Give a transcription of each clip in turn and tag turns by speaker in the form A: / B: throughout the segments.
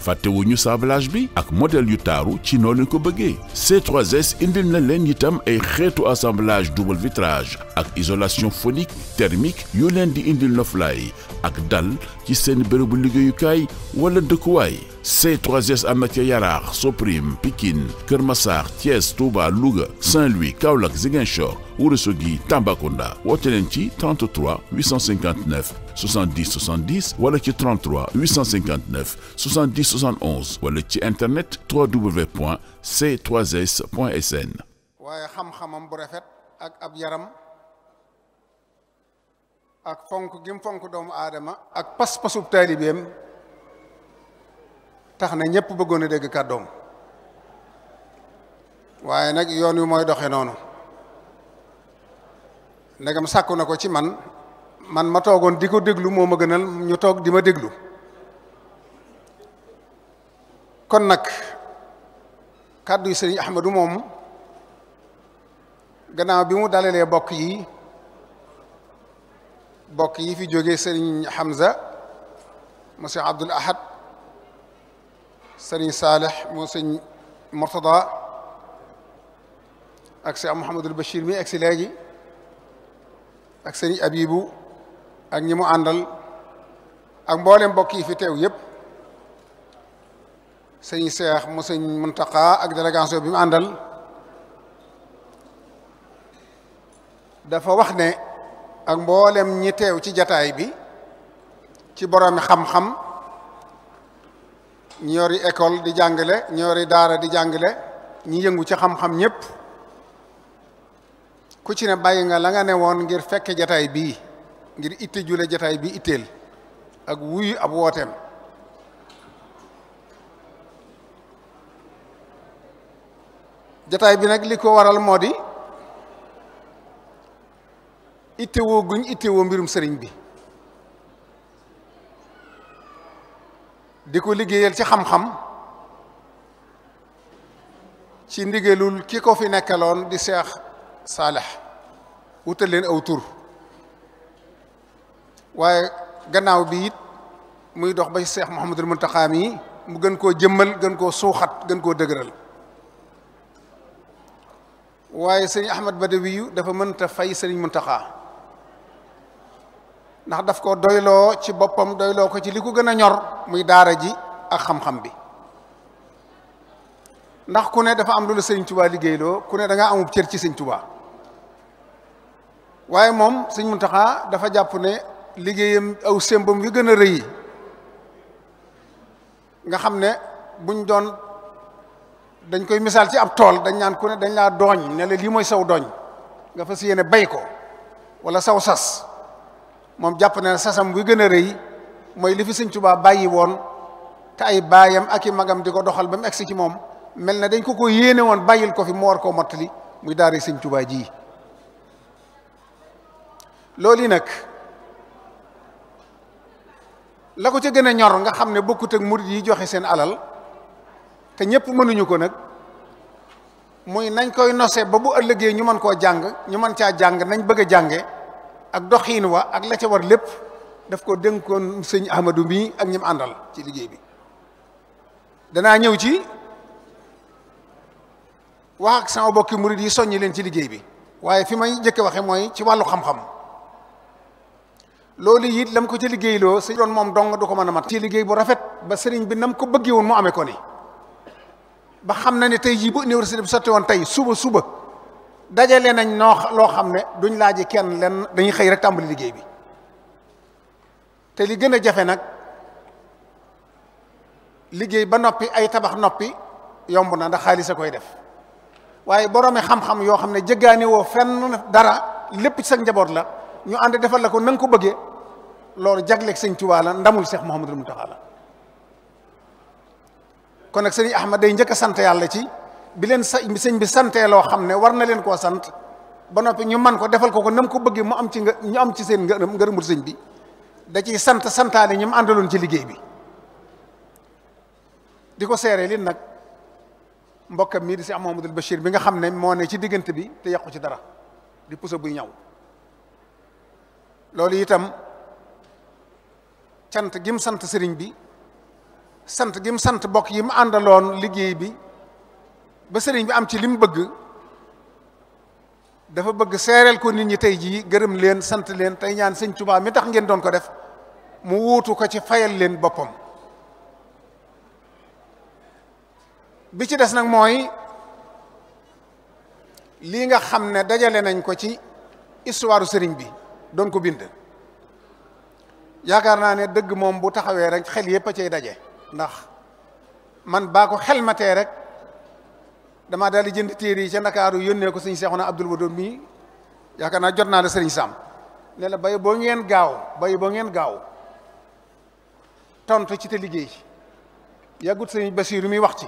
A: fàttewuñu sablage bi ak modèle yu taaru ci noo leen ko bëggee C3S indil na leen itam ay xeetu assemblage double vitrage ak isolation phonique thermique yu leen di indil noflaay ak dal ci seen bërëbu liggéeyukaay wala dëkkuwaay C3S am na ca Yaraax Soprim Pikine Kër Massar Thiès Touba Louga Saint-Louis Kaolack Ziguinchor Ourossogui Tambacounda woote leen ci 33 859 70 70 wala ci 33 859 70 71 wala ci internet www.c3s.sn.
B: waaye xam-xamam bu rafet ak ab yaram ak fonk gim fonk doomu aadama ak pas-pasub taalibeem tax na ñëpp bëggoon a dégg kàddoom waaye nag yoon wi mooy doxe noonu. ndegam sàkku na ko ci man man ma toogoon di ko déglu moo ma gënal ñu toog di ma déglu kon nag kàddu yi sëriñ Ahmadu moom gannaaw bi mu dalalee bokk yi bokk yi fi jógee sëriñ Hamza monsieur Abdul Ahad sëriñ Saleh moo sëñ Murtada ak si Mouhamadul Bachir mi ak si léegi ak sëriñ abibu ak ñi mu àndal ak mboolem mbokk yi fi teew yépp sëñ seex mu sëñ muntaka ak délégation bi mu àndal dafa wax ne ak mboolem ñi teew ci jataay bi ci boroomi xam-xam ñi école di jàngale ñi yori daara di jàngale ñi yëngu ci xam-xam ñépp ku ci ne bàyyi nga la nga ne woon ngir fekke jataay bii ngir itte jule jataay bi itteel ak wuyu ab wooteem jataay bi nag li ko waral moo di ittewoo guñ ittewoo mbirum sëriñ bi di ko liggéeyal ci xam-xam ci ndigalul ki ko fi nekkaloon di seex saalex wutal leen aw tur waaye gannaaw bi it muy dox ba Seex Muhammadul Muntaxa mi mu gën koo jëmmal gën koo suuxat gën koo dëgëral waaye sëñ Ahmad Badawiyu dafa mënta fay sëriñ Muntaxa ndax daf ko doyloo ci boppam doyloo ko ci li ko gën a ñor muy daara ji ak xam-xam bi ndax ku ne dafa am lu la sëriñ liggéey loo ku ne da ngaa amub cër ci sëriñ Tuubaa waaye moom sëñ taxa dafa jàpp ne liggéeyam aw sémbam yu gën a rëy nga xam ne buñ doon dañ koy misaal ci ab tool dañ naan ku ne dañ laa dooñ ne la lii mooy saw dooñ nga fas yéene bay ko wala saw sas moom jàpp ne sasam wi gën a rëy mooy li fi sëñ Tuubaa bàyyi woon te ay baayam ak i magam di ko doxal ba mu egsi ci moom mel na dañ ko ko yéene woon bàyyil ko fi mu war koo mottali muy daari sëñ Tuubaa ji loolu yi nag la ko ca gën a ñor nga xam ne bokkut ak murid yi joxe seen alal te ñëpp mënuñu ko nag muy nañ koy nose ba bu ëllëgee ñu mën koo jàng ñu mën caa jàng nañ bëgg a jànge ak doxiin wa ak la ca war lépp daf ko dénkoon sëñ Ahmadou mii ak ñim àndal ci liggéey bi danaa ñëw ci wax ak sama bokki murid yi soññi leen ci liggéey bi waaye fi may njëkk waxe mooy ci wàllu xam-xam loolu it lam ko ci liggéeyloo su doon moom dong du ko mën a mat ci liggéey bu rafet ba sëriñ bi nam ko bëggee woon mu amee ko ni ba xam na ne tey jii bu université bi sotti woon tey suba suba dajale nañ noo loo xam ne duñ laaji kenn lenn dañuy xëy rek tàmbali liggéey bi te li gën a jafe nag liggéey ba noppi ay tabax noppi yomb na ndax xaalis a koy def waaye boroomi xam-xam yoo xam ne jëggaani woo fenn dara lépp ci sa njaboot la ñu ànd defal la ko na ko bëggee loolu jagleek sëñ Tuubaa la ndamul Cheikh Mouhamadul Mountakha la kon nag sëñ Ahmad day njëkk a yàlla ci bi leen sa sëñ bi santee loo xam ne war na leen koo sant ba noppi ñu man ko defal ko ko nam ko bëggee mu am ci nga ñu am ci seen ngërëmul sëñ bi da ciy sant santaale ñi mu àndaloon ci liggéey bi di ko seeree lin nag mbokkam mii di Cheikh Mouhamadul Bachir bi nga xam ne moo ne ci diggante bi te yàqu ci dara di puso buy ñaw loolu itam. sant gi sant sëriñ bi sant gi sant bokk yi mu àndaloon liggéey bi ba sëriñ bi am ci li mu bëgg dafa bëgg seereel ko nit ñi tey jii gërëm leen sant leen tey ñaan sëñ Tuubaa mi tax ngeen doon ko def mu wuutu ko ci fayal leen boppam bi ci des nag mooy lii nga xam ne dajale nañ ko ci histoire sëriñ bi doon ko bind yaakaar naa ne dëgg moom bu taxawee rek xel yëpp a cay daje ndax man baa ko xel matee rek damaa daal di jënd téere yi ca Ndakaaru yónnee ko siñ sëñ na Abdul Wadood mii yaakaar naa jot naa la sëriñ Sam ne bay boo ngeen gaaw bay boo ngeen gaaw tontu ci te liggéey yàggut sëriñ Basiiru muy wax ci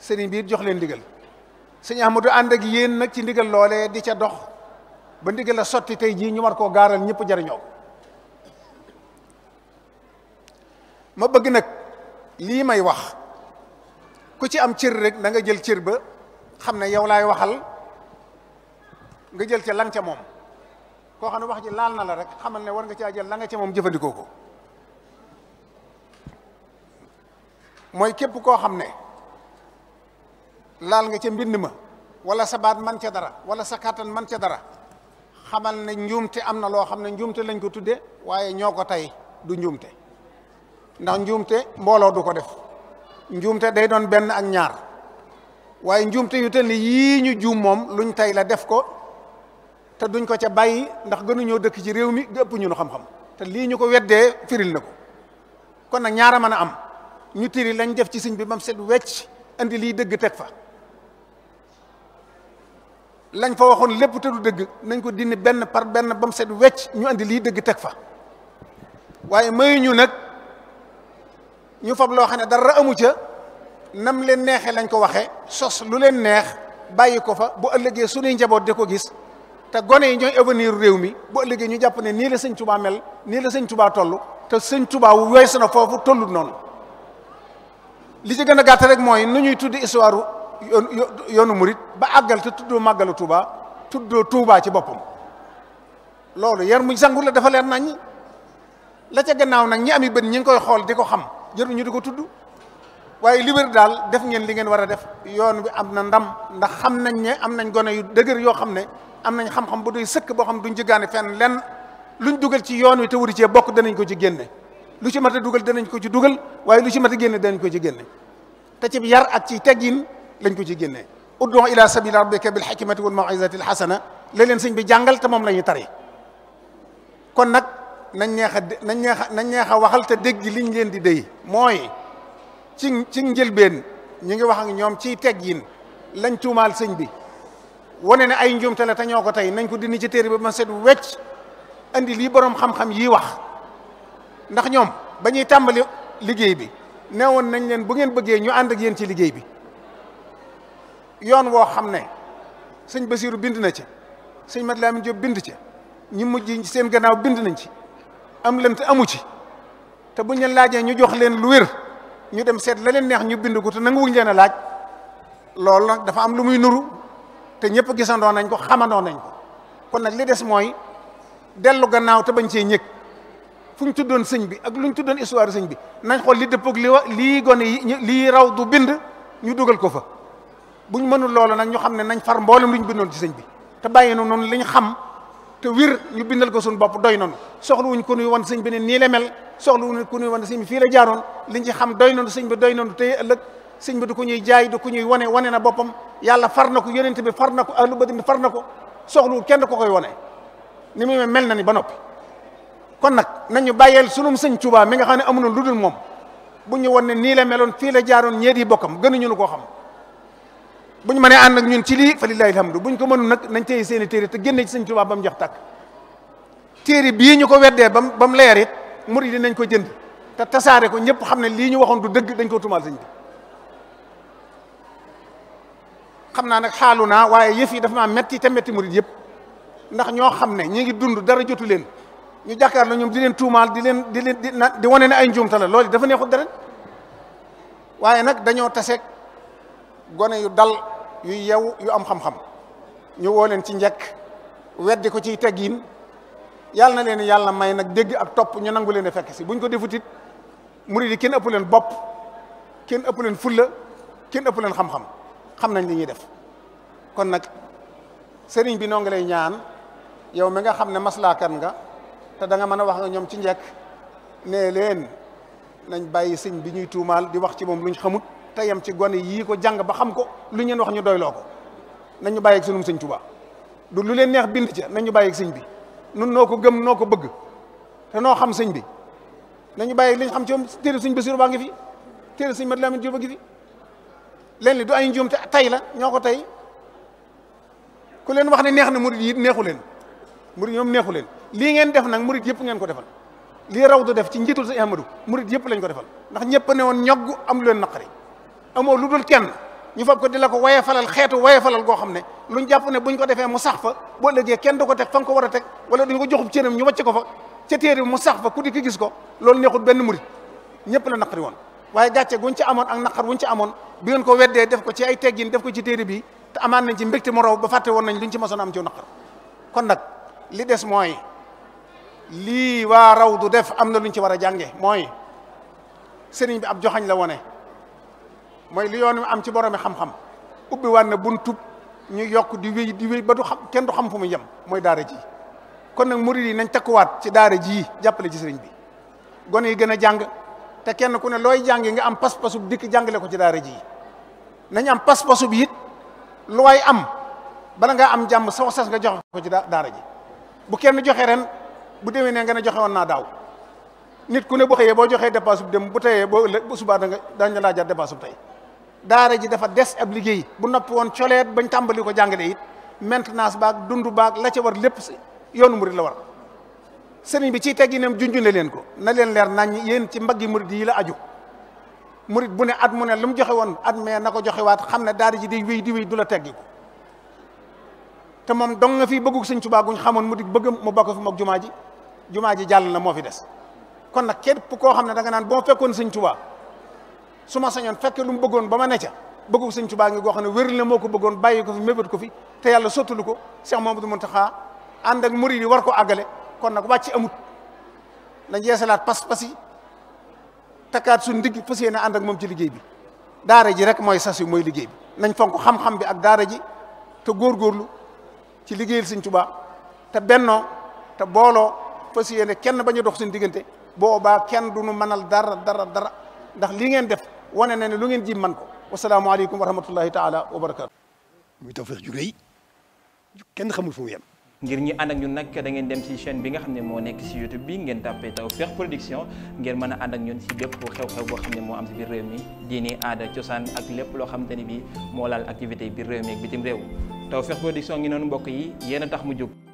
B: sëriñ biir jox leen ndigal sëñ Ahmadu ànd ak yéen nag ci ndigal loole di ca dox ba ndigal la sotti tey jii ñu war koo gaaral ñëpp jariñoo ma bëgg nag lii may wax ku ci am cër rek da nga jël cër ba xam ne yow laay waxal nga jël ca lan ca moom koo xam ne wax ji laal na la rek xamal ne war nga caa jël la nga ca moom jëfandikoo ko mooy képp koo xam ne laal nga ca mbind ma wala sa baat man ca dara wala sa kàttan man ca dara xamal ne njuumte am na loo xam ne njuumte lañ ko tudde waaye ñoo ko tey du njuumte ndax njuumte mbooloo du ko def njuumte day doon benn ak ñaar waaye njuumte yu tel ni yii ñu juum moom luñ tey la def ko te duñ ko ca bàyyi ndax gënuñoo dëkk ci réew mi ëpp ñu nu xam-xam te lii ñu ko weddee firil na ko kon nag ñaara mën a am ñu tiri lañ def ci siñ bi bam set wecc andi lii dëgg teg fa lañ fa waxoon lépp te du dëgg nañ ko dindi benn par benn bam set wecc ñu andi lii dëgg teg fa waaye mayuñu nag ñu fab loo xam ne dara amu ca nam leen neexee lañ ko waxee sos lu leen neex bàyyi ko fa bu ëllëgee suñuy njaboot di ko gis te gone yi ñooy avenir réew mi bu ëllëgee ñu jàpp ne nii la sëñ tubaa mel nii la sëñ tubaa toll te sëñ tubaa wu weesu na foofu tollut noonu li ci gën a gàtt rek mooy nu ñuy tuddi histoire yoonu murit ba àggal te tuddoo màggalu tubaa tuddoo tuubaa ci boppam loolu yar mu jàngul la dafa leen nañ la ca gannaaw nag ñi yi bët ñi ngi koy xool di ko xam jërul ñu di ko tudd waaye Liberté daal def ngeen li ngeen war a def yoon wi am na ndam ndax xam nañ ne am nañ gone yu dëgër yoo xam ne am nañ xam-xam bu doy sëkk boo xam duñ jëggaane fenn lenn luñ dugal ci yoon wi te wuri cee bokk danañ ko ci génne lu ci mat dugal danañ ko ci dugal waaye lu ci mat génne danañ ko ci génne te ci yar ak ci teggin lañ ko ci génne uddu ila sabili rabbika bil hikmati wal mawizati al hasana la leen sëñ bi jàngal te moom la ñu tare kon nag nañ neex a nañ nañ neex a waxal te dégg liñ leen di déy mooy ci ci njëlbeen ñu ngi wax ak ñoom ciy teggin lañ tuumaal sëñ bi wane ne ay njuumte la te ñoo ko tey nañ ko dindi ci téere bi ma set wecc indi lii boroom xam-xam yi wax ndax ñoom ba ñuy tàmbali liggéey bi ne woon nañ leen bu ngeen bëggee ñu ànd ak yéen ci liggéey bi yoon woo xam ne sëñ Basiiru bind na ci sëñ Mat Laamin Jóob bind ci ñi mujj seen gannaaw bind nañ ci am lënt amu ci te buñ leen laajee ñu jox leen lu wér ñu dem seet la leen neex ñu bind ko te nanguwuñ leen a laaj loolu nag dafa am lu muy nuru te ñëpp gisandoo nañ ko xamandoo nañ ko kon nag li des mooy dellu gannaaw te bañ cee ñëg fu ñu tuddoon sëñ bi ak lu ñu tuddoon histoire sëñ bi nañ xool li dëppoog li wa lii gone yi lii raw du bind ñu dugal ko fa buñ mënul loolu nag ñu xam ne nañ far mboolem lu ñu bindoon ci sëñ bi te bàyyi na noonu li xam. te wir ñu bindal ko suñu bopp doy noonu soxlawuñ ku nuy wan sëñ bi ne nii la mel soxlawuñ ku nuy wan sëñ bi fii jaaroon liñ ci xam doy noonu sëñ bi doy noon tey ëllëg sëñ bi du ko ñuy jaay du ko ñuy wane wane na boppam yàlla far na ko yonent bi far na ko ahlu badin bi far na ko wu kenn ko koy wane ni muy mel na ni ba noppi kon nag nañu bàyyeel sunum sëñ Tuubaa mi nga xam ne amuñu lu dul moom bu ñu wan ne nii la meloon fii la jaaroon ñeet yi bokkam gënuñu nu koo xam bu ñu mënee ànd ak ñun ci lii fa lillahi alhamdu bu ñu ko mënul nag nañ téye seen i téere te génne ci sëñ Tuubaa ba mu jox bii ñu ko weddee ba mu ba mu leer it murid yi nañ ko jënd te tasaare ko ñëpp xam ne lii ñu waxoon du dëgg dañ ko tumaal sëñ bi xam naa nag xaalu naa waaye yëf yi dafa maa metti te metti murid yëpp ndax ñoo xam ne ñi ngi dund dara jotu leen ñu jàkkaarloo ñoom di leen tuumaal di leen di leen di wane na ay njuumte la loolu dafa neexut dara waaye nag dañoo taseeg gone yu dal yu yew yu am xam-xam ñu woo leen ci njëkk weddi ko ciy teggiin yàlla na leen yàlla may nag dégg ak topp ñu nangu leen di fekk si buñ ko defutit murid di kenn ëpp leen bopp kenn ëpp leen fulla kenn ëpp leen xam-xam xam nañ li ñuy def kon nag sëriñ bi noo ngi ñaan yow mi nga xam ne kan nga te danga nga mën a wax nga ñoom ci njëkk nee leen nañ bàyyi sëñ bi ñuy tuumaal di wax ci moom luñ xamut te yem ci gone yii ko jàng ba xam ko lu ñeen wax ñu doyloo ko nañu bàyyi bàyyeeg sunum sëñ Tuubaa du lu leen neex bind ca nañ ñu bàyyeeg sëñ bi nun noo ko gëm noo ko bëgg te noo xam sëñ bi nañu bàyyeeg li ñu xam ci moom téere sëñ Basiru baa ngi fi téere sëñ Madu Lamin a ngi fi leen li du ay njuum te tay la ñoo ko tey ku leen wax ne neex na murit yi neexu leen murit ñoom neexu leen lii ngeen def nag murit yëpp ngeen ko defal lii raw du def ci njiitul sa Ahmadu murit yëpp lañ ko defal ndax ñëpp ne woon ñogg leen naqari amoo lu dul kenn ñu fab ko di ko waye falal xeetu waye falal goo xam ne luñ jàpp ne buñ ko defee mu sax fa boo legee kenn du ko teg fa nga ko war a teg wala duñ ko joxub cëram ñu wàcc ko fa ca téere mu sax fa ku di ki gis ko loolu neexut benn mu murit ñëpp la naqari woon waaye gàcce guñ ci amoon ak naqar wuñ ci amoon bi ngeen ko weddee def ko ci ay teggin def ko ci téere bi te amaan nañ ci mbégte mu raw ba fàtte woon nañ luñ ci mosoon am ci naqar kon nag li des mooy lii waa raw du def am na luñ ci war a jànge mooy sëriñ bi ab joxañ la wone mooy li yoon wi am ci boroomi xam-xam ubbi waan na buntub ñu yokk di wéy di wéy ba du xam kenn du xam fu mu yem mooy daara ji kon nag murid yi nañ takkuwaat ci daara ji jàppale ci sëriñ bi gone yi gën a jàng te kenn ku ne looy jàngi nga am pas-pasub dikk jàngale ko ci daara ji nañ am pas-pasub it lu waay am bala nga am jàmm saw sas nga joxe ko ci daara ji bu kenn joxe ren bu demee ne nga ne joxe woon naa daaw nit ku ne bu xëyee boo joxee dépense bu dem bu teyee boo ëllëg bu subaa da nga daañu laa jar dépense bu tey daara ji dafa des ab liggéey bu noppi woon coleet bañ tàmbali ko jàngale it maintenance baag dund baag la ca war lépp yoonu murit la war sëriñ bi ciy tegginam junjune leen ko na leen leer nañ yéen ci mbaggi murit yi la aju murit bu ne at mu ne lu mu joxe woon at mee na ko joxewaat xam ne daara ji di wéy di wéy du la teggi ko te moom dong nga fi bëggug sëñ Tuubaa guñ xamoon mu di bëggam mu bokk fi moog jumaa ji jumaa ji jàll na moo fi des kon nag képp koo xam ne da nga naan boo fekkoon sëñ Tuubaa su ma sañoon fekk lu mu bëggoon ba ma ne ca bëggu sëñ Tuubaa ngi goo xam ne wér na moo ko bëggoon bàyyi ko fi mébét ko fi te yàlla sottalu ko Cheikh Mamadou Mountakha ànd ak murid yi war ko àggale kon nag wàcc amut nañ yeesalaat pas-pas yi takkaat suñ ndigg fas yéene ànd ak moom ci liggéey bi daara ji rek mooy sas yi mooy liggéey bi nañ fonk xam bi ak daara ji te góorgóorlu ci liggéeyal sëñ Tuubaa te benno te booloo fas yéene kenn bañ a dox suñ diggante boobaa kenn du nu mënal dara dara dara ndax li ngeen def wane na ne lu ngeen ji man ko wasalaamaaleykum wa rahmatullahi taala wa barakaatu. muy Tawfekh ju rëy kenn xamul fu mu yem. ngir ñi ànd ak ñun nag da ngeen dem ci chaîne bi nga xam ne moo nekk ci YouTube bi ngeen tàppee Tawfekh Production ngeen mën a ànd ak ñun ci bépp xew-xew boo xam ne moo am ci biir réew mi diini aada cosaan ak lépp loo xamante ni bi moo laal activité biir réew mi ak bitim réew Tawfekh Production ngi noonu mbokk yi yéen a tax mu jóg.